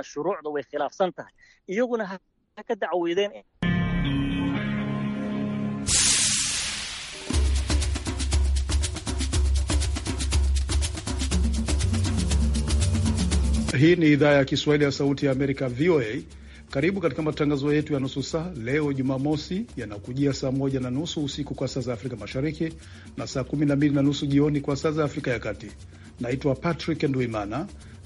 shuruucda way khilaafsan tahay iyaguna ha ka Hii ni idhaa ya Kiswahili ya Sauti ya Amerika, VOA. Karibu katika matangazo yetu ya nusu saa leo Jumamosi, yanakujia saa moja na nusu usiku kwa saa za Afrika Mashariki na saa kumi na mbili na nusu jioni kwa saa za Afrika ya Kati. Naitwa Patrick Nduimana.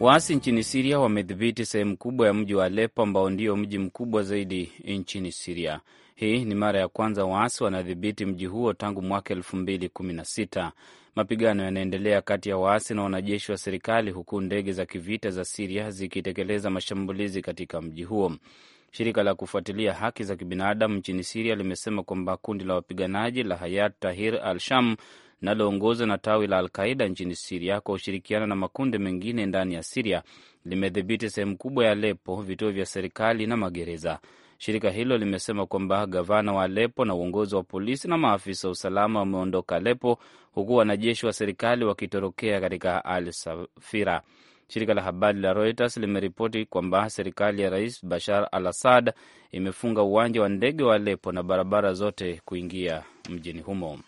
Waasi nchini Siria wamedhibiti sehemu kubwa ya mji wa Alepo ambao ndio mji mkubwa zaidi nchini Siria. Hii ni mara ya kwanza waasi wanadhibiti mji huo tangu mwaka elfu mbili kumi na sita. Mapigano yanaendelea kati ya waasi na wanajeshi wa serikali huku ndege za kivita za Siria zikitekeleza mashambulizi katika mji huo. Shirika la kufuatilia haki za kibinadamu nchini Siria limesema kwamba kundi la wapiganaji la Hayat Tahrir al-Sham linaloongozwa na tawi la Alqaida nchini Siria kwa ushirikiano na makundi mengine ndani ya Siria limedhibiti sehemu kubwa ya Alepo, vituo vya serikali na magereza. Shirika hilo limesema kwamba gavana wa Alepo na uongozi wa polisi na maafisa wa usalama wameondoka Alepo, huku wanajeshi wa serikali wakitorokea katika Al Safira. Shirika la habari la Reuters limeripoti kwamba serikali ya Rais Bashar al Assad imefunga uwanja wa ndege wa Alepo na barabara zote kuingia mjini humo.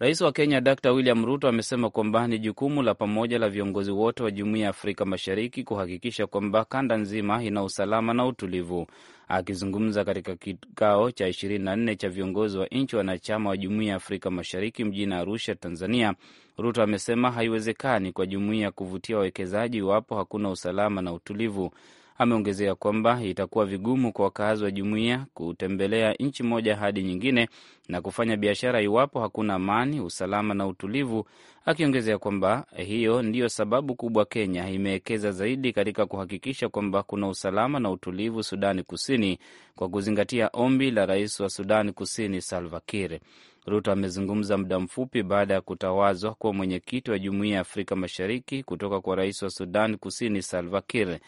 Rais wa Kenya Dr William Ruto amesema kwamba ni jukumu la pamoja la viongozi wote wa Jumuiya ya Afrika Mashariki kuhakikisha kwamba kanda nzima ina usalama na utulivu. Akizungumza katika kikao cha 24 cha viongozi wa nchi wanachama wa Jumuiya ya Afrika Mashariki mjini Arusha, Tanzania, Ruto amesema haiwezekani kwa jumuiya kuvutia wawekezaji iwapo hakuna usalama na utulivu. Ameongezea kwamba itakuwa vigumu kwa wakazi wa jumuiya kutembelea nchi moja hadi nyingine na kufanya biashara iwapo hakuna amani, usalama na utulivu, akiongezea kwamba hiyo ndiyo sababu kubwa Kenya imewekeza zaidi katika kuhakikisha kwamba kuna usalama na utulivu Sudani Kusini, kwa kuzingatia ombi la rais wa Sudani Kusini Salva Kiir. Ruto amezungumza muda mfupi baada ya kutawazwa kuwa mwenyekiti wa Jumuiya ya Afrika Mashariki kutoka kwa rais wa Sudan Kusini Salva Kiir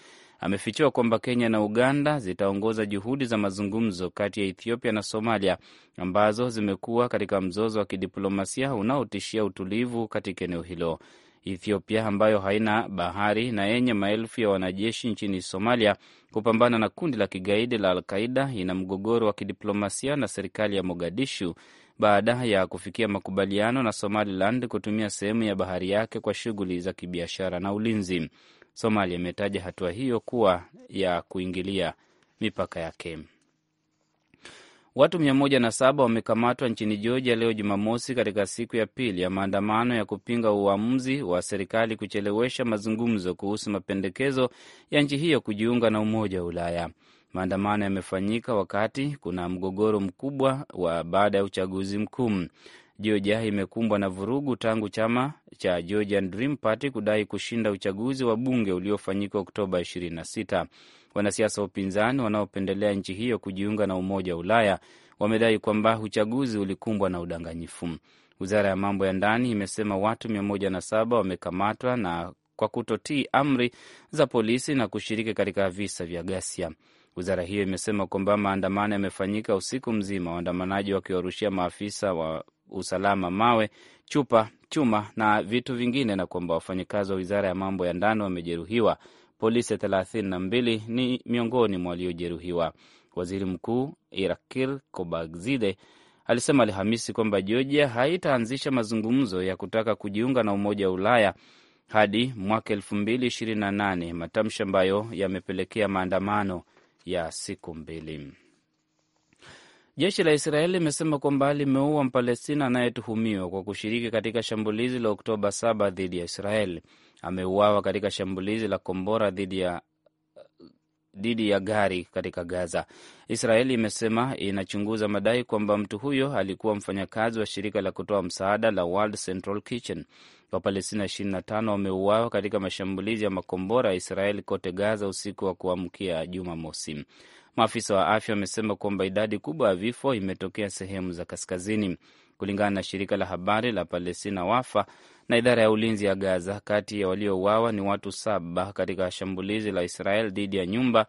amefichua kwamba Kenya na Uganda zitaongoza juhudi za mazungumzo kati ya Ethiopia na Somalia ambazo zimekuwa katika mzozo wa kidiplomasia unaotishia utulivu katika eneo hilo. Ethiopia ambayo haina bahari na yenye maelfu ya wanajeshi nchini Somalia kupambana na kundi la kigaidi la Alqaida ina mgogoro wa kidiplomasia na serikali ya Mogadishu baada ya kufikia makubaliano na Somaliland kutumia sehemu ya bahari yake kwa shughuli za kibiashara na ulinzi. Somalia imetaja hatua hiyo kuwa ya kuingilia mipaka yake. Watu 107 wamekamatwa nchini Georgia leo Jumamosi, katika siku ya pili ya maandamano ya kupinga uamuzi wa serikali kuchelewesha mazungumzo kuhusu mapendekezo ya nchi hiyo kujiunga na Umoja wa Ulaya. Maandamano yamefanyika wakati kuna mgogoro mkubwa wa baada ya uchaguzi mkuu. Georgia imekumbwa na vurugu tangu chama cha Georgian Dream Party kudai kushinda uchaguzi wa bunge uliofanyika Oktoba 26. Wanasiasa wa upinzani wanaopendelea nchi hiyo kujiunga na Umoja wa Ulaya wamedai kwamba uchaguzi ulikumbwa na udanganyifu. Wizara ya mambo ya ndani imesema watu 107 wamekamatwa na kwa kutotii amri za polisi na kushiriki katika visa vya ghasia. Wizara hiyo imesema kwamba maandamano yamefanyika usiku mzima, waandamanaji wakiwarushia maafisa wa usalama, mawe, chupa, chuma na vitu vingine, na kwamba wafanyakazi wa wizara ya mambo ya ndani wamejeruhiwa. Polisi thelathini na mbili ni miongoni mwa waliojeruhiwa. Waziri Mkuu Irakil Kobakzide alisema Alhamisi kwamba Georgia haitaanzisha mazungumzo ya kutaka kujiunga na Umoja wa Ulaya hadi mwaka elfu mbili ishirini na nane, matamshi ambayo yamepelekea maandamano ya siku mbili. Jeshi la Israeli limesema kwamba limeua Mpalestina anayetuhumiwa kwa kushiriki katika shambulizi la Oktoba 7 dhidi ya israel Ameuawa katika shambulizi la kombora dhidi ya dhidi ya gari katika Gaza. Israeli imesema inachunguza madai kwamba mtu huyo alikuwa mfanyakazi wa shirika la kutoa msaada la World Central Kitchen. Wapalestina 25 wameuawa katika mashambulizi ya makombora ya Israeli kote Gaza usiku wa kuamkia Jumamosi. Maafisa wa afya wamesema kwamba idadi kubwa ya vifo imetokea sehemu za kaskazini. Kulingana na shirika la habari la Palestina Wafa na idara ya ulinzi ya Gaza, kati ya waliouawa ni watu saba katika shambulizi la Israel dhidi ya nyumba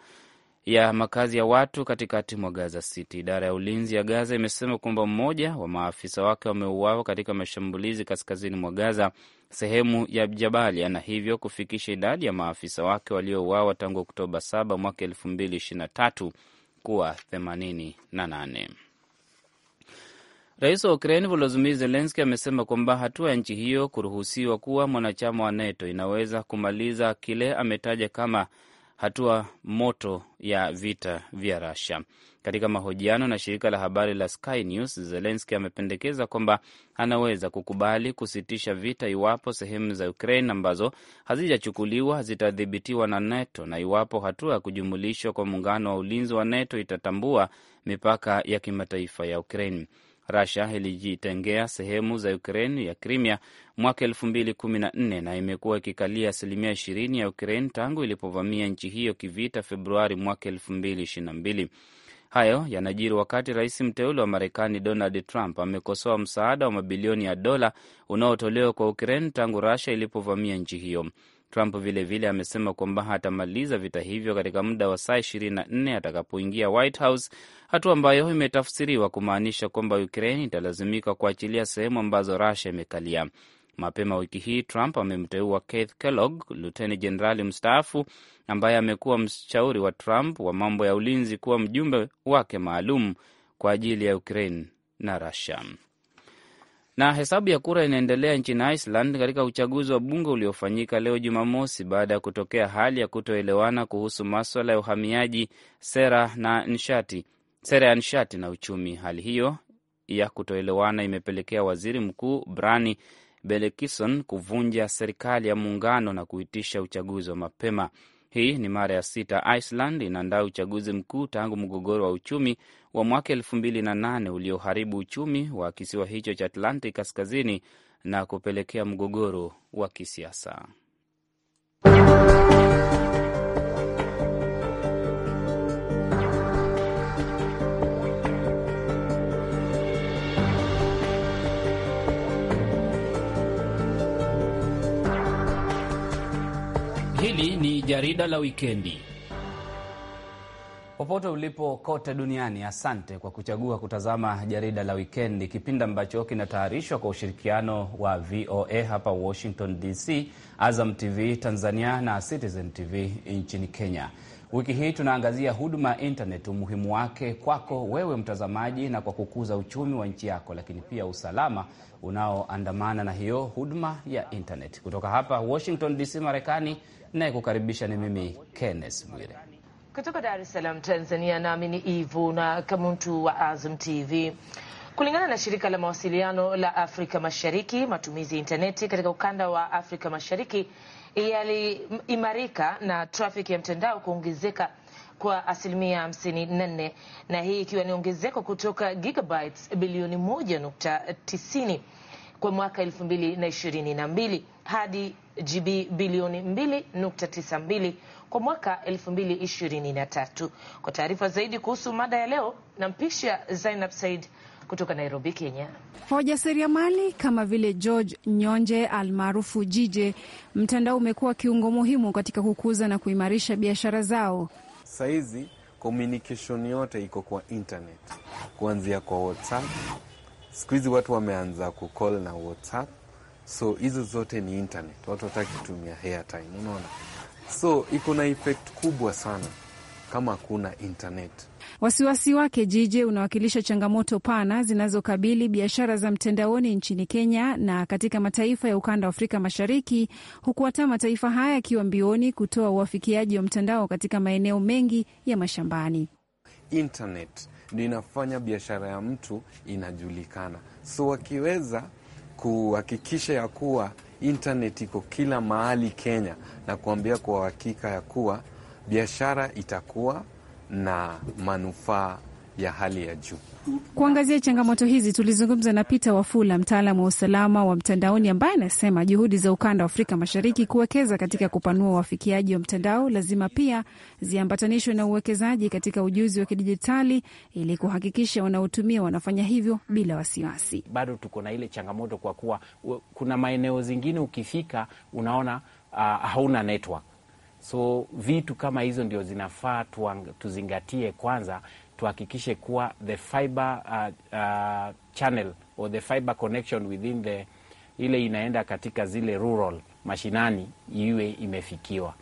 ya makazi ya watu katikati mwa Gaza City. Idara ya ulinzi ya Gaza imesema kwamba mmoja wa maafisa wake wameuawa katika mashambulizi kaskazini mwa Gaza, sehemu ya Jabalia, na hivyo kufikisha idadi ya maafisa wake waliouawa tangu Oktoba 7 mwaka 2023 kuwa 88. Rais wa Ukraini Volodimir Zelenski amesema kwamba hatua ya nchi hiyo kuruhusiwa kuwa mwanachama wa NATO inaweza kumaliza kile ametaja kama hatua moto ya vita vya rusia Katika mahojiano na shirika la habari la Sky News, Zelenski amependekeza kwamba anaweza kukubali kusitisha vita iwapo sehemu za Ukraine ambazo hazijachukuliwa zitadhibitiwa na NATO na iwapo hatua ya kujumulishwa kwa muungano wa ulinzi wa NATO itatambua mipaka ya kimataifa ya Ukraine. Russia ilijitengea sehemu za ukrain ya krimea mwaka kumi na imekuwa ikikalia asilimia ishirini ya ukrain tangu ilipovamia nchi hiyo kivita Februari mwaka mbili Hayo yanajiri wakati rais mteule wa Marekani Donald Trump amekosoa msaada wa mabilioni ya dola unaotolewa kwa ukrain tangu Russia ilipovamia nchi hiyo. Trump vilevile vile amesema kwamba atamaliza vita hivyo katika muda wa saa nne atakapoingia White House, hatua ambayo imetafsiriwa kumaanisha kwamba Ukraine italazimika kuachilia sehemu ambazo Russia imekalia. Mapema wiki hii Trump amemteua Keith Kellogg, luteni jenerali mstaafu ambaye amekuwa mshauri wa Trump wa mambo ya ulinzi, kuwa mjumbe wake maalum kwa ajili ya Ukraine na Russia. Na hesabu ya kura inaendelea nchini Iceland katika uchaguzi wa bunge uliofanyika leo Jumamosi baada ya kutokea hali ya kutoelewana kuhusu maswala ya uhamiaji, sera na nishati, sera ya nishati na uchumi. Hali hiyo ya kutoelewana imepelekea waziri mkuu Brani Belekison kuvunja serikali ya muungano na kuitisha uchaguzi wa mapema. Hii ni mara ya sita Iceland inaandaa uchaguzi mkuu tangu mgogoro wa uchumi wa mwaka elfu mbili na nane ulioharibu uchumi wa kisiwa hicho cha Atlantic kaskazini na kupelekea mgogoro wa kisiasa. Jarida la Wikendi. Popote ulipo kote duniani, asante kwa kuchagua kutazama jarida la wikendi, kipindi ambacho kinatayarishwa kwa ushirikiano wa VOA hapa Washington DC, Azam TV Tanzania na Citizen TV nchini Kenya. Wiki hii tunaangazia huduma ya intnet umuhimu wake kwako wewe mtazamaji, na kwa kukuza uchumi wa nchi yako, lakini pia usalama unaoandamana na hiyo huduma ya intaneti. Kutoka hapa Washington DC, Marekani nayekukaribisha ni mimi Kenneth Bwire kutoka Dar es Salaam, Tanzania. Nami ni Ivu na Kamuntu wa Azam TV. Kulingana na shirika la mawasiliano la Afrika Mashariki, matumizi ya intaneti katika ukanda wa Afrika Mashariki yaliimarika na trafiki ya mtandao kuongezeka kwa asilimia 54 na hii ikiwa ni ongezeko kutoka gigabytes bilioni 1.90 kwa mwaka mbili hadi GB bilioni 2.92 kwa mwaka 2023. Kwa taarifa zaidi kuhusu mada ya leo, nampisha Zainab Said kutoka Nairobi, Kenya. Wajasiriamali kama vile George Nyonje almaarufu Jije, mtandao umekuwa kiungo muhimu katika kukuza na kuimarisha biashara zao. Sahizi communication yote iko kwa internet, kuanzia kwa WhatsApp Siku hizi watu wameanza kucall na WhatsApp, so hizo zote ni internet, watu wataki kutumia airtime, unaona, so iko na effect kubwa sana kama kuna internet. Wasiwasi wake Jije unawakilisha changamoto pana zinazokabili biashara za mtandaoni nchini Kenya na katika mataifa ya ukanda wa Afrika Mashariki, huku hata mataifa haya yakiwa mbioni kutoa uafikiaji wa mtandao katika maeneo mengi ya mashambani internet linafanya biashara ya mtu inajulikana. So wakiweza kuhakikisha ya kuwa intaneti iko kila mahali Kenya, na kuambia kwa hakika ya kuwa biashara itakuwa na manufaa ya hali ya juu. Kuangazia changamoto hizi, tulizungumza na Peter Wafula, mtaalam wa usalama wa mtandaoni, ambaye anasema juhudi za ukanda wa Afrika Mashariki kuwekeza katika kupanua uafikiaji wa mtandao lazima pia ziambatanishwe na uwekezaji katika ujuzi wa kidijitali ili kuhakikisha wanaotumia wanafanya hivyo bila wasiwasi. Bado tuko na ile changamoto kwa kuwa kuna maeneo zingine ukifika unaona uh, hauna network so vitu kama hizo ndio zinafaa tuzingatie kwanza, tuhakikishe kuwa the fiber uh, uh, channel or the fiber connection within the ile inaenda katika zile rural mashinani iwe imefikiwa.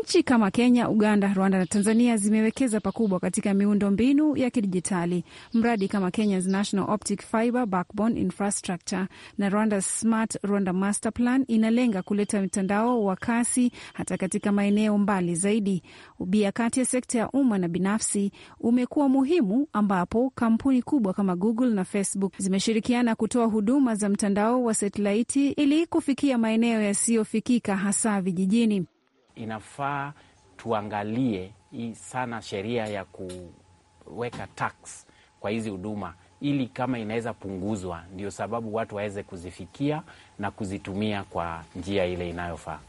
Nchi kama Kenya, Uganda, Rwanda na Tanzania zimewekeza pakubwa katika miundo mbinu ya kidijitali. Mradi kama Kenya's National Optic Fiber Backbone Infrastructure na Rwanda's Smart Rwanda Master Plan inalenga kuleta mtandao wa kasi hata katika maeneo mbali zaidi. Ubia kati ya sekta ya umma na binafsi umekuwa muhimu, ambapo kampuni kubwa kama Google na Facebook zimeshirikiana kutoa huduma za mtandao wa satelaiti ili kufikia maeneo yasiyofikika hasa vijijini inafaa tuangalie hii sana sheria ya kuweka tax kwa hizi huduma ili kama inaweza punguzwa, ndio sababu watu waweze kuzifikia na kuzitumia kwa njia ile inayofaa.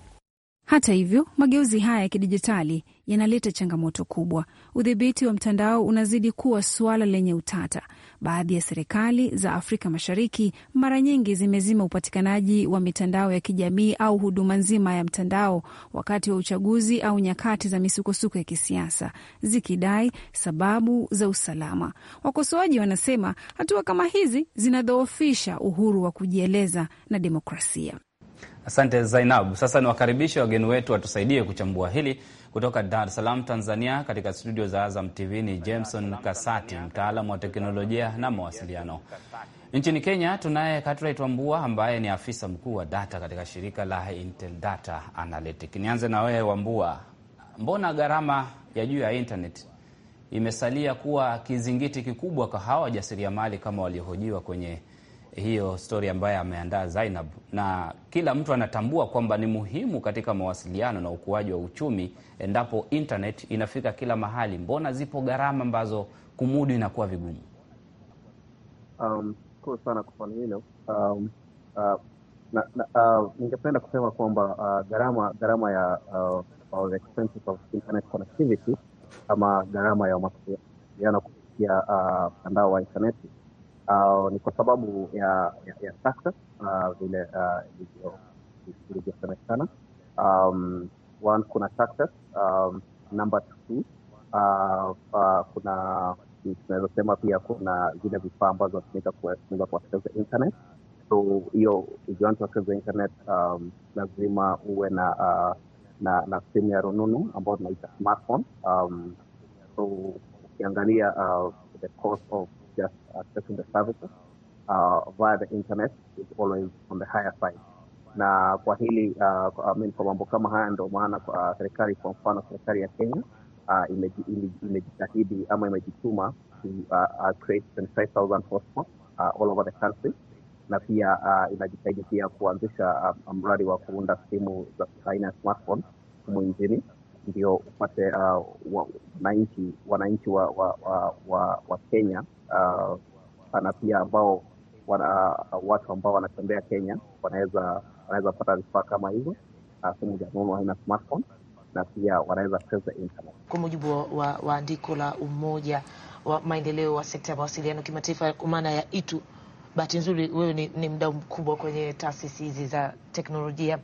Hata hivyo, mageuzi haya ya kidijitali yanaleta changamoto kubwa. Udhibiti wa mtandao unazidi kuwa suala lenye utata. Baadhi ya serikali za Afrika Mashariki mara nyingi zimezima upatikanaji wa mitandao ya kijamii au huduma nzima ya mtandao wakati wa uchaguzi au nyakati za misukosuko ya kisiasa, zikidai sababu za usalama. Wakosoaji wanasema hatua kama hizi zinadhoofisha uhuru wa kujieleza na demokrasia. Asante Zainabu. Sasa niwakaribishe wageni wetu watusaidie kuchambua hili. Kutoka Dar es Salaam, Tanzania, katika studio za Azam TV ni Jameson Kasati, mtaalamu wa teknolojia na mawasiliano. Nchini Kenya tunaye Cartwright Wambua ambaye ni afisa mkuu wa data katika shirika la Intel Data Analytic. Nianze na wewe Wambua, mbona gharama ya juu ya internet imesalia kuwa kizingiti kikubwa kwa hawa wajasiriamali kama waliohojiwa kwenye hiyo stori ambayo ameandaa Zainab, na kila mtu anatambua kwamba ni muhimu katika mawasiliano na ukuaji wa uchumi endapo internet inafika kila mahali. Mbona zipo gharama ambazo kumudu inakuwa vigumu? Um, shukuru sana kwa swali hilo. Um, uh, na, na, uh, ningependa kusema kwamba uh, gharama gharama ya uh, expenses of internet connectivity ama gharama ya mawasiliano kupitia uh, mtandao uh, wa intaneti uh, ni kwa sababu ya ya, ya sakta uh, vile ilivyosemekana uh, um, one kuna sakta um, number two uh, uh, kuna tunaweza sema pia kuna zile vifaa ambazo natumika kuweza kuwasiliza internet so hiyo ukiwani tuwasiliza internet um, lazima uwe na uh, na na simu ya rununu ambayo tunaita smartphone um, so ukiangalia uh, the cost of just accessing uh, the services uh, via the internet is always on the higher side na kwa hili uh, I mean, kwa mambo kama haya ndio maana uh, serikali kwa mfano serikali ya Kenya uh, imejitahidi ime, ama imejituma to uh, uh, create 25,000 hotspots uh, all over the country na pia uh, inajitahidi pia kuanzisha uh, mradi wa kuunda simu za aina ya smartphone humu nchini ndio upate uh, wananchi wa, wa, wa, wa, wa Kenya uh, pia ambao wana, uh, watu ambao wanatembea Kenya wanaweza wanaweza pata vifaa kama hivyo, uh, simu za rununu aina smartphone, na pia wanaweza kucheza internet. Kwa mujibu wa, waandiko wa la Umoja wa Maendeleo wa Sekta ya Mawasiliano Kimataifa, kwa maana ya ITU. Bahati nzuri wewe ni, ni mdau mkubwa kwenye taasisi hizi za teknolojia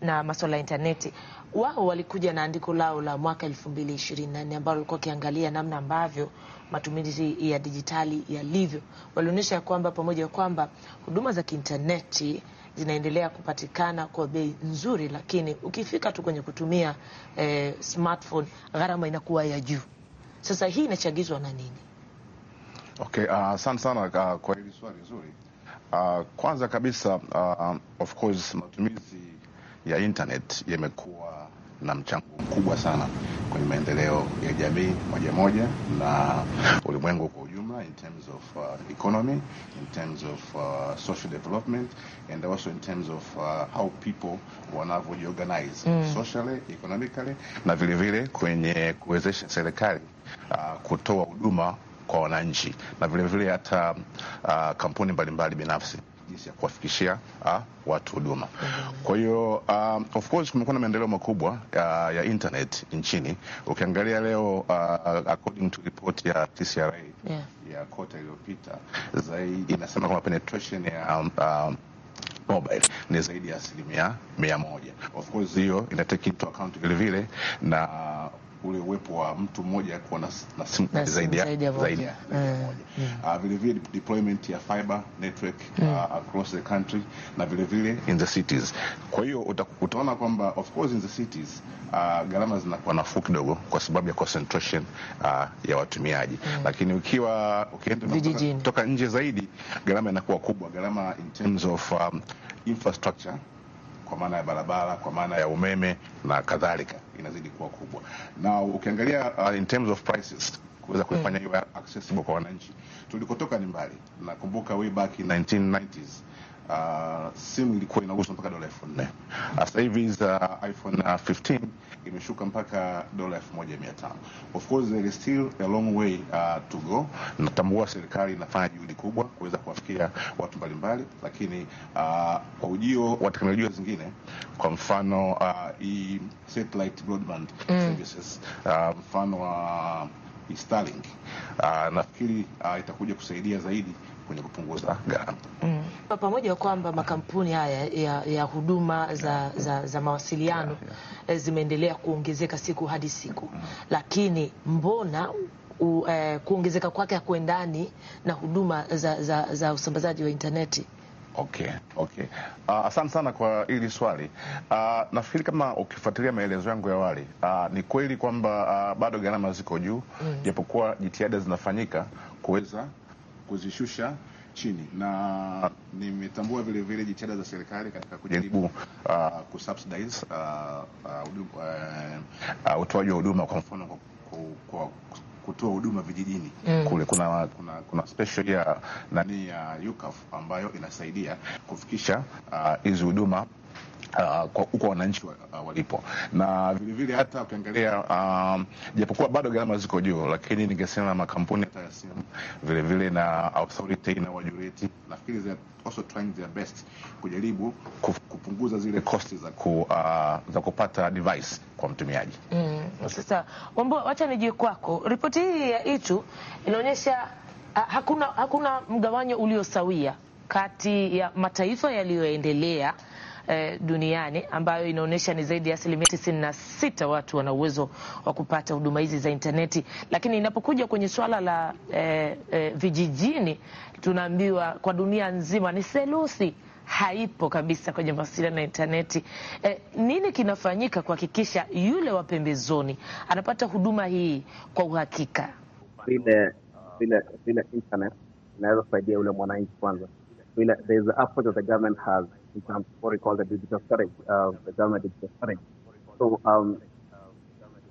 na masuala ya intaneti wao walikuja na andiko lao la mwaka elfu mbili ishirini na nne ambalo walikuwa wakiangalia namna ambavyo matumizi ya dijitali yalivyo. Walionyesha kwamba pamoja kwamba huduma za kiintaneti zinaendelea kupatikana kwa bei nzuri, lakini ukifika tu kwenye kutumia eh, smartphone gharama inakuwa ya juu. Sasa hii inachagizwa na nini? Okay, ah, asante uh, sana uh, kwa hili swali zuri. Uh, kwanza kabisa uh, of course matumizi ya internet yamekuwa na mchango mkubwa sana kwenye maendeleo ya jamii moja moja na ulimwengu kwa ujumla, in terms of uh, economy, in terms of uh, social development and also in terms of uh, how people wanavyojiorganize mm. socially, economically na vile vile kwenye kuwezesha serikali uh, kutoa huduma kwa wananchi na vile vile hata uh, kampuni mbalimbali binafsi jinsi ya kuwafikishia uh, watu huduma. Kwa hiyo um, of course kumekuwa na maendeleo makubwa uh, ya internet nchini. Ukiangalia leo uh, according to report ya TCRA yeah. ya kota iliyopita zaidi inasema kwamba penetration ya um, um, mobile ni zaidi ya asilimia mia moja. Of course hiyo inatake into account vile vile na ule uwepo wa mtu mmoja kuwa na, na simu zaidi ya zaidi ya moja. Mm. Mm. Ah, vile vile deployment ya fiber network mm. uh, across the country na vile vile in the cities. Kwa hiyo utaona kwamba of course in the cities uh, gharama zinakuwa nafuu kidogo kwa sababu ya concentration uh, ya watumiaji mm. lakini ukiwa ukienda kutoka nje zaidi gharama inakuwa kubwa, gharama in terms of um, infrastructure kwa maana ya barabara, kwa maana ya umeme na kadhalika, inazidi kuwa kubwa, na ukiangalia uh, in terms of prices kuweza kuifanya hiyo mm. accessible kwa wananchi. Tulikotoka ni mbali, nakumbuka way back in 1990s uh, simu ilikuwa inauzwa mpaka dola elfu nne. Ah, sasa hivi za iPhone 15 imeshuka mpaka dola elfu moja mia tano. Of course there is still a long way uh, to go. Natambua serikali inafanya juhudi kubwa kuweza kuwafikia watu mbalimbali, lakini uh, kwa ujio wa teknolojia zingine, kwa mfano uh, i satellite broadband mm. services uh, mfano wa uh, Starlink uh, nafikiri uh, itakuja kusaidia zaidi kwenye kupunguza gharama mm. Pamoja kwamba makampuni haya ya, ya huduma za, za, za mawasiliano yeah, yeah. Eh, zimeendelea kuongezeka siku hadi siku mm. lakini mbona u, eh, kuongezeka kwake hakuendani na huduma za, za, za usambazaji wa intaneti? Okay, okay. Uh, asante sana kwa hili swali. Uh, nafikiri kama ukifuatilia maelezo yangu ya awali uh, ni kweli kwamba uh, bado gharama ziko juu, mm. japokuwa mm. jitihada zinafanyika kuweza kuzishusha chini, na nimetambua vile vile jitihada za serikali katika kujaribu uh, kusubsidize utoaji uh, uh, uh, uh wa huduma kwa mfano kwa, kwa kutoa huduma vijijini mm. Kule kuna, kuna, kuna special ya nani ya UCAF ambayo inasaidia kufikisha uh, hizi uh, huduma uh, kwa wananchi uh, walipo na vilevile vile hata ukiangalia uh, japokuwa bado gharama ziko juu, lakini ningesema makampuni hata ya simu vilevile na authority na wajureti, nafikiri they are also trying their best kujaribu kupunguza zile kosti za, ku, uh, za kupata device kwa mtumiaji mm. Sasa Wambo, wacha nijie kwako, ripoti hii ya ITU inaonyesha uh, hakuna, hakuna mgawanyo uliosawia kati ya mataifa yaliyoendelea eh, duniani ambayo inaonyesha ni zaidi ya asilimia tisini na sita watu wana uwezo wa kupata huduma hizi za intaneti, lakini inapokuja kwenye swala la eh, eh, vijijini tunaambiwa kwa dunia nzima ni selusi haipo kabisa kwenye mawasiliano na intaneti. E, eh, nini kinafanyika kuhakikisha yule wa pembezoni anapata huduma hii kwa uhakika? Vile vile vile internet inaweza kusaidia yule mwananchi kwanza, vile there is a app that the government has example, what we call the digital study, uh, the government digital study. So um,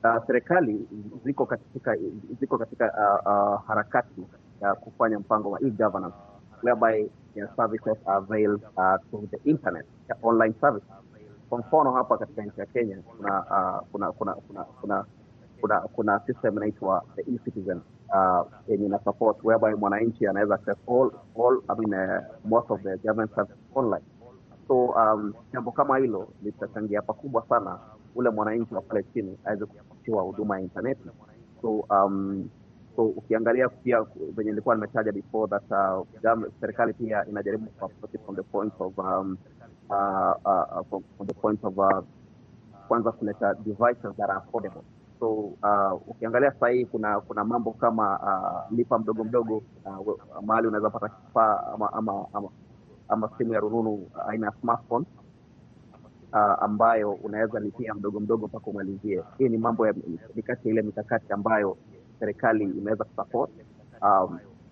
uh, serikali ziko katika ziko katika uh, uh, harakati ya uh, kufanya mpango wa e-governance whereby you know, services are availed uh, to the internet online services. Kwa mfano hapa katika nchi ya Kenya kuna uh, kuna kuna kuna kuna kuna, kuna system inaitwa the e-citizen uh, yenye uh, ina support whereby mwananchi anaweza access all all I mean uh, most of the government services online So um, jambo kama hilo litachangia pakubwa sana ule mwananchi wa pale chini aweze kupatiwa huduma ya intaneti. So um, so ukiangalia pia venye ilikuwa nimetaja before that uh, serikali pia inajaribu from the point of um, uh, uh, from, from the point of uh, kwanza kuleta devices that are affordable so uh, ukiangalia sahii kuna kuna mambo kama uh, lipa mdogo mdogo uh, mahali unaweza pata kifaa ama, ama, ama ama simu ya rununu uh, aina ya smartphone uh, ambayo unaweza lipia mdogo mdogo mpaka umalizie. Hii ni mambo ya ni kati ya ile mikakati ambayo serikali imeweza kusupport um,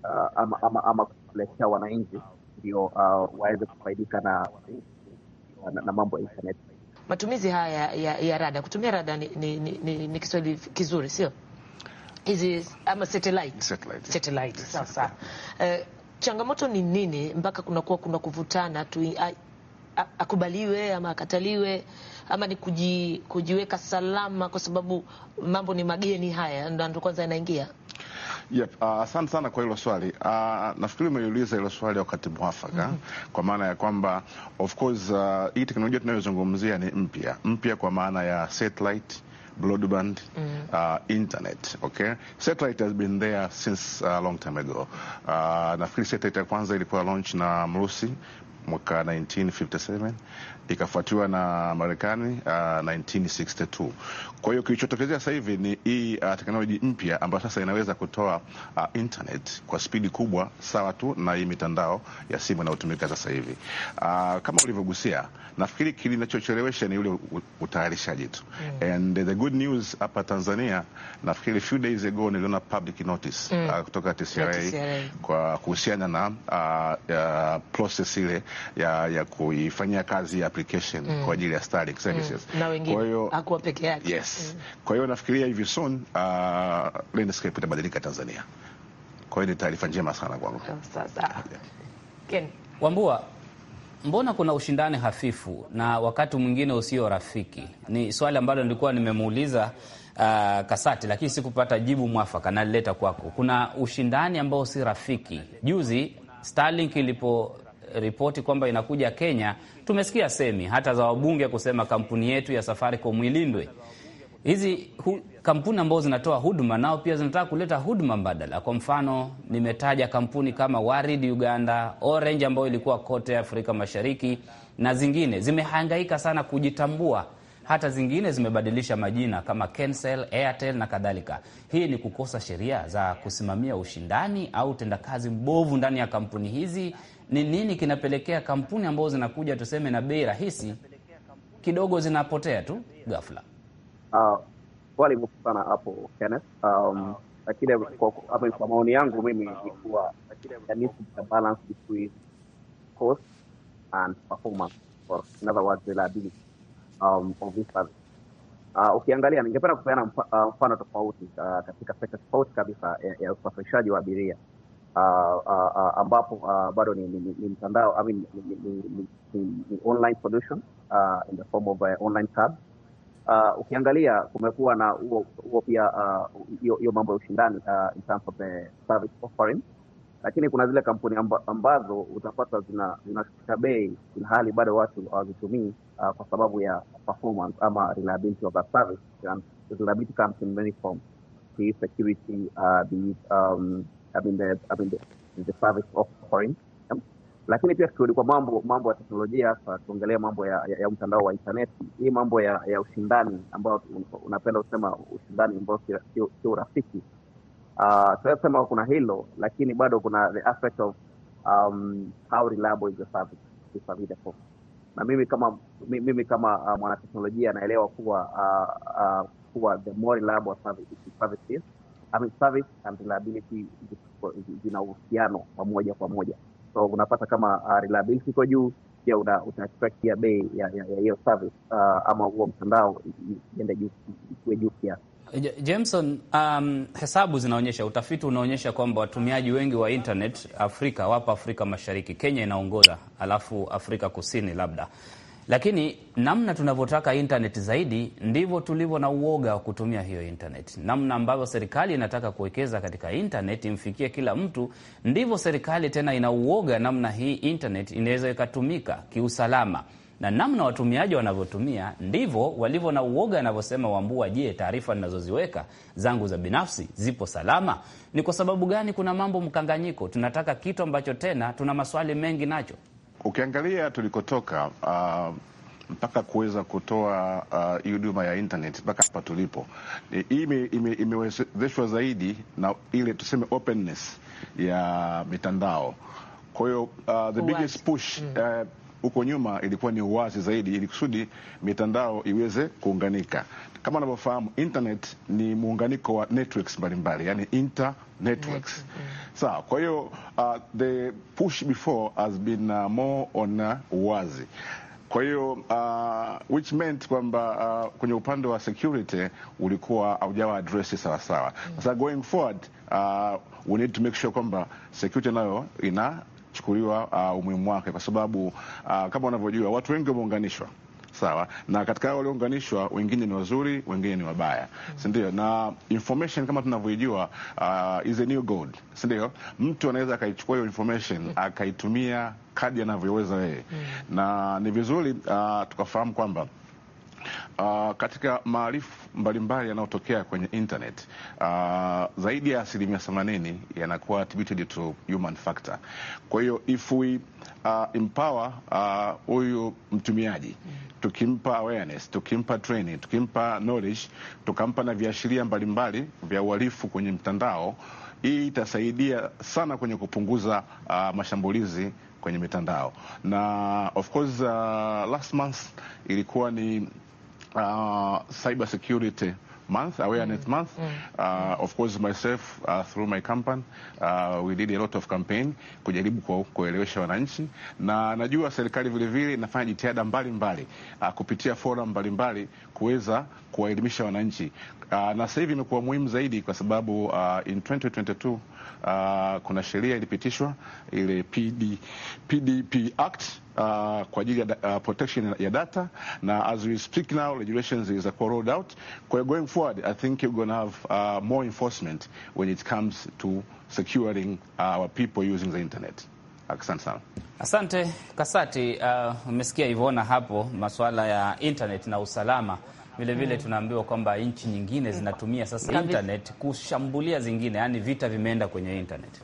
uh, ama, ama, ama kuletea wananchi ndio uh, waweze kufaidika na, na, na mambo ya internet. Matumizi haya ya, ya ya rada, kutumia rada ni, ni, ni, ni ni Kiswahili kizuri sio? Hizi ama satellite satellite, satellite. satellite. satellite. Eh, satellite. satellite. satellite. satellite. sawa changamoto ni nini mpaka kunakuwa kuna kuvutana tu akubaliwe ama akataliwe ama ni kuji, kujiweka salama kwa sababu mambo ni mageni haya ndo kwanza yanaingia. Yep, ah, asante uh, sana kwa hilo swali uh, nafikiri umeliuliza hilo swali wakati mwafaka mm -hmm. Kwa maana ya kwamba of course uh, hii teknolojia tunayozungumzia ni mpya mpya kwa maana ya satellite broadband, mm. uh, internet. Okay, satellite has been there since a uh, long time ago. Uh, nafikiri satellite ya kwanza ilikuwa launch na Mrusi mwaka 1957 ikafuatiwa na Marekani uh, 1962. Kwa hiyo kilichotokezea sasa hivi ni hii uh, teknoloji mpya ambayo sasa inaweza kutoa uh, internet kwa spidi kubwa sawa tu na hii mitandao ya simu inayotumika sasa hivi. Uh, kama ulivyogusia, nafikiri kilinachochelewesha ni ule utayarishaji tu mm. And the good news hapa Tanzania nafikiri few days ago niliona public notice mm. uh, kutoka TCRA kwa kuhusiana na uh, uh, process ile ya, ya kuifanyia kazi ya application mm. kwa ajili ya Starlink services mm. na wengine, kwa hiyo hakuwa peke yake yes. Mm. Kwa hiyo nafikiria hivi soon uh, landscape itabadilika Tanzania. Kwa hiyo ni taarifa njema sana kwangu. Sasa Ken Wambua, mbona kuna ushindani hafifu na wakati mwingine usio rafiki? Ni swali ambalo nilikuwa nimemuuliza uh, Kasati, lakini sikupata jibu mwafaka, na nalileta kwako. Kuna ushindani ambao si rafiki. Juzi Starlink ilipo ripoti kwamba inakuja Kenya, tumesikia semi hata za wabunge kusema kampuni yetu ya Safaricom ilindwe. Hizi hu, kampuni ambazo zinatoa huduma nao pia zinataka kuleta huduma mbadala. Kwa mfano, nimetaja kampuni kama Warid Uganda, Orange ambayo ilikuwa kote Afrika Mashariki na zingine zimehangaika sana kujitambua hata zingine zimebadilisha majina kama Kcell, Airtel na kadhalika. Hii ni kukosa sheria za kusimamia ushindani au utendakazi mbovu ndani ya kampuni hizi? Ni nini kinapelekea kampuni ambazo zinakuja tuseme na bei rahisi kidogo zinapotea tu ghafla? Uh, swali muhimu sana hapo Kenneth. Um, lakini kwa kwa, maoni yangu mimi ni kuwa there needs to balance between cost and performance or in other words reliability um, of this service. Uh, ukiangalia ningependa kupeana ah, mfano tofauti uh, katika sekta tofauti kabisa ya, ya usafirishaji wa abiria uh, uh, uh, ambapo uh, bado ni, ni, ni mtandao I mean, ni, ni, ni, ni, ni online solution uh, in the form of uh, online tab uh, ukiangalia kumekuwa na huo pia hiyo uh, mambo ya ushindani uh, in terms of the eh, service offering lakini kuna zile kampuni ambazo utapata zinashusha bei, ina hali bado watu hawazitumii uh, kwa sababu ya performance ama reliability of the service. Reliability comes in many forms, security, uh, um, I mean the, I mean the, the service offering lakini pia tukirudi kwa mambo mambo ya teknolojia hasa, tuongelee mambo ya, ya, ya mtandao wa intaneti, hii mambo ya, ya ushindani ambao unapenda kusema ushindani ambao sio urafiki Uh, ah, tunaweza kuna hilo, lakini bado kuna the aspect of um, how reliable is the service Na mimi kama mimi kama uh, mwanateknolojia anaelewa kuwa uh, uh, kuwa the more reliable service, service is I mean, service and reliability zina uhusiano wa moja kwa moja, so unapata kama uh, reliability iko juu pia una, bei ya hiyo service uh, ama huo mtandao iende juu, ikuwe juu kiasi. Jameson, um, hesabu zinaonyesha, utafiti unaonyesha kwamba watumiaji wengi wa internet Afrika wapo Afrika Mashariki. Kenya inaongoza, alafu Afrika Kusini labda. Lakini namna tunavyotaka internet zaidi, ndivyo tulivyo na uoga wa kutumia hiyo internet. Namna ambavyo serikali inataka kuwekeza katika internet imfikie kila mtu, ndivyo serikali tena ina uoga namna hii internet inaweza ikatumika kiusalama na namna watumiaji wanavyotumia ndivyo walivyo na uoga anavyosema Wambua. Je, taarifa ninazoziweka zangu za binafsi zipo salama? Ni kwa sababu gani kuna mambo mkanganyiko? Tunataka kitu ambacho tena tuna maswali mengi nacho. Ukiangalia tulikotoka uh, mpaka kuweza kutoa uh, hii uh, huduma ya internet mpaka hapa tulipo, hii imewezeshwa zaidi na ile tuseme openness ya mitandao. Kwa hiyo uh, the biggest push mm. uh, huko nyuma ilikuwa ni uwazi zaidi, ili kusudi mitandao iweze kuunganika. Kama unavyofahamu, internet ni muunganiko wa networks mbalimbali, yani inter networks. Mm. Sawa, kwa hiyo uh, the push before has been uh, more on uh, uwazi kwa hiyo uh, which meant kwamba uh, kwenye upande wa security ulikuwa haujawa address sawa sawa. Mm. Sasa mm. going forward uh, we need to make sure kwamba security nayo ina kuchukuliwa uh, umuhimu wake, kwa sababu uh, kama unavyojua watu wengi wameunganishwa sawa na katika hao waliounganishwa, wengine ni wazuri, wengine ni wabaya, hmm. si Na information kama tunavyojua, uh, is a new gold, si ndio? Mtu anaweza akaichukua hiyo information hmm. akaitumia kadi anavyoweza yeye, hmm. na ni vizuri uh, tukafahamu kwamba uh, katika maarifu mbalimbali yanayotokea kwenye internet uh, zaidi ya asilimia themanini yanakuwa attributed to human factor. Kwa hiyo if we uh, empower huyu uh, mtumiaji tukimpa awareness, tukimpa training, tukimpa knowledge, tukampa na viashiria mbalimbali vya uhalifu kwenye mtandao, hii itasaidia sana kwenye kupunguza uh, mashambulizi kwenye mitandao na of course uh, last month ilikuwa ni uh, cyber security month awareness mm. month mm. Uh, of course myself uh, through my company uh, we did a lot of campaign kujaribu kuelewesha wananchi, na najua serikali vile vile inafanya jitihada mbalimbali uh, kupitia forum mbalimbali kuweza kuwaelimisha wananchi uh, na sasa hivi imekuwa muhimu zaidi kwa sababu uh, in 2022 uh, kuna sheria ilipitishwa ile PD, PDP Act uh, kwa ajili ya uh, protection ya data na as we speak now regulations is rolled out. Kwa going forward I think you're going to have uh, more enforcement when it comes to securing uh, our people using the internet. Asante sana. Asante Kasati, uh, umesikia uh, Ivona hapo masuala ya internet na usalama Vilevile tunaambiwa kwamba nchi nyingine zinatumia sasa internet kushambulia zingine, yaani vita vimeenda kwenye internet.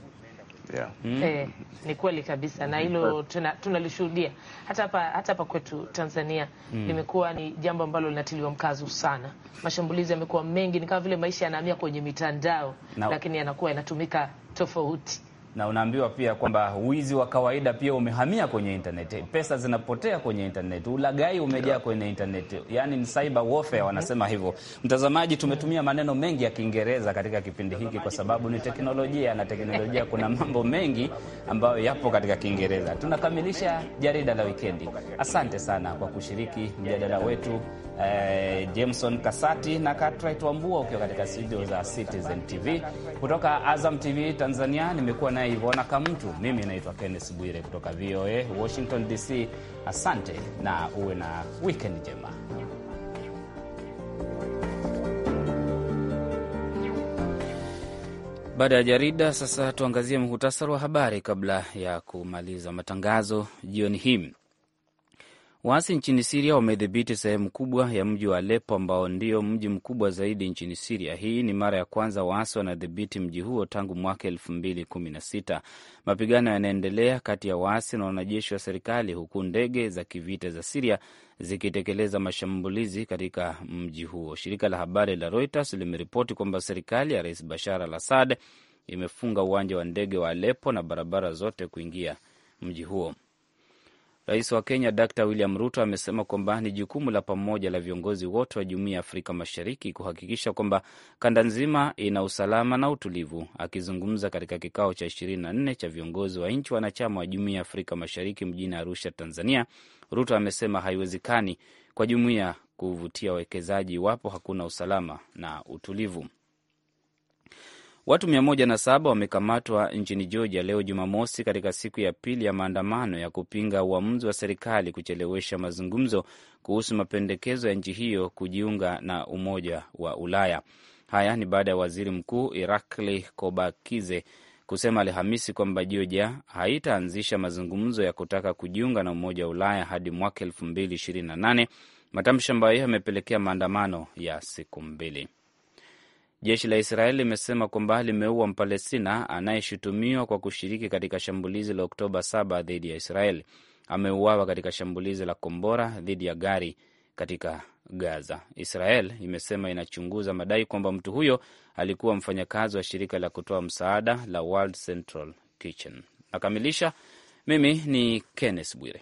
Yeah. Mm. Eh, ni kweli kabisa na hilo tunalishuhudia tuna hata hapa hata hapa kwetu Tanzania mm. Limekuwa ni jambo ambalo linatiliwa mkazo sana. Mashambulizi yamekuwa mengi, ni kama vile maisha yanahamia kwenye mitandao no. Lakini yanakuwa yanatumika tofauti na unaambiwa pia kwamba wizi wa kawaida pia umehamia kwenye internet, pesa zinapotea kwenye internet, ulagai umejaa kwenye internet, yani ni cyber warfare wanasema mm-hmm. hivyo. Mtazamaji, tumetumia maneno mengi ya Kiingereza katika kipindi hiki kwa sababu ni teknolojia, na teknolojia kuna mambo mengi ambayo yapo katika Kiingereza. Tunakamilisha jarida la wikendi. Asante sana kwa kushiriki mjadala wetu eh, Jameson Kasati na Cartwright Wambua, ukiwa katika studio za Citizen TV. Kutoka Azam TV Tanzania nimekuwa naye Ivona Kamtu. Mimi naitwa kennes Bwire kutoka VOA Washington DC. Asante na uwe na wikend njema. Baada ya jarida, sasa tuangazie muhtasari wa habari kabla ya kumaliza matangazo jioni hii. Waasi nchini Siria wamedhibiti sehemu kubwa ya mji wa Alepo ambao ndio mji mkubwa zaidi nchini Siria. Hii ni mara ya kwanza waasi wanadhibiti mji huo tangu mwaka elfu mbili kumi na sita. Mapigano yanaendelea kati ya waasi na wanajeshi wa serikali, huku ndege za kivita za Siria zikitekeleza mashambulizi katika mji huo. Shirika la habari la Reuters limeripoti kwamba serikali ya Rais Bashar al Assad imefunga uwanja wa ndege wa Alepo na barabara zote kuingia mji huo. Rais wa Kenya Dr William Ruto amesema kwamba ni jukumu la pamoja la viongozi wote wa Jumuiya ya Afrika Mashariki kuhakikisha kwamba kanda nzima ina usalama na utulivu. Akizungumza katika kikao cha 24 cha viongozi wa nchi wanachama wa Jumuiya ya Afrika Mashariki mjini Arusha, Tanzania, Ruto amesema haiwezekani kwa jumuiya kuvutia wawekezaji iwapo hakuna usalama na utulivu. Watu 107 wamekamatwa nchini Georgia leo Jumamosi, katika siku ya pili ya maandamano ya kupinga uamuzi wa serikali kuchelewesha mazungumzo kuhusu mapendekezo ya nchi hiyo kujiunga na Umoja wa Ulaya. Haya ni baada ya waziri mkuu Irakli Kobakize kusema Alhamisi kwamba Georgia haitaanzisha mazungumzo ya kutaka kujiunga na Umoja wa Ulaya hadi mwaka 2028, matamshi ambayo yamepelekea maandamano ya siku mbili. Jeshi la Israeli limesema kwamba limeua Mpalestina anayeshutumiwa kwa kushiriki katika shambulizi la Oktoba 7 dhidi ya Israeli. Ameuawa katika shambulizi la kombora dhidi ya gari katika Gaza. Israel imesema inachunguza madai kwamba mtu huyo alikuwa mfanyakazi wa shirika la kutoa msaada la World Central Kitchen. Nakamilisha. Mimi ni Kenneth Bwire.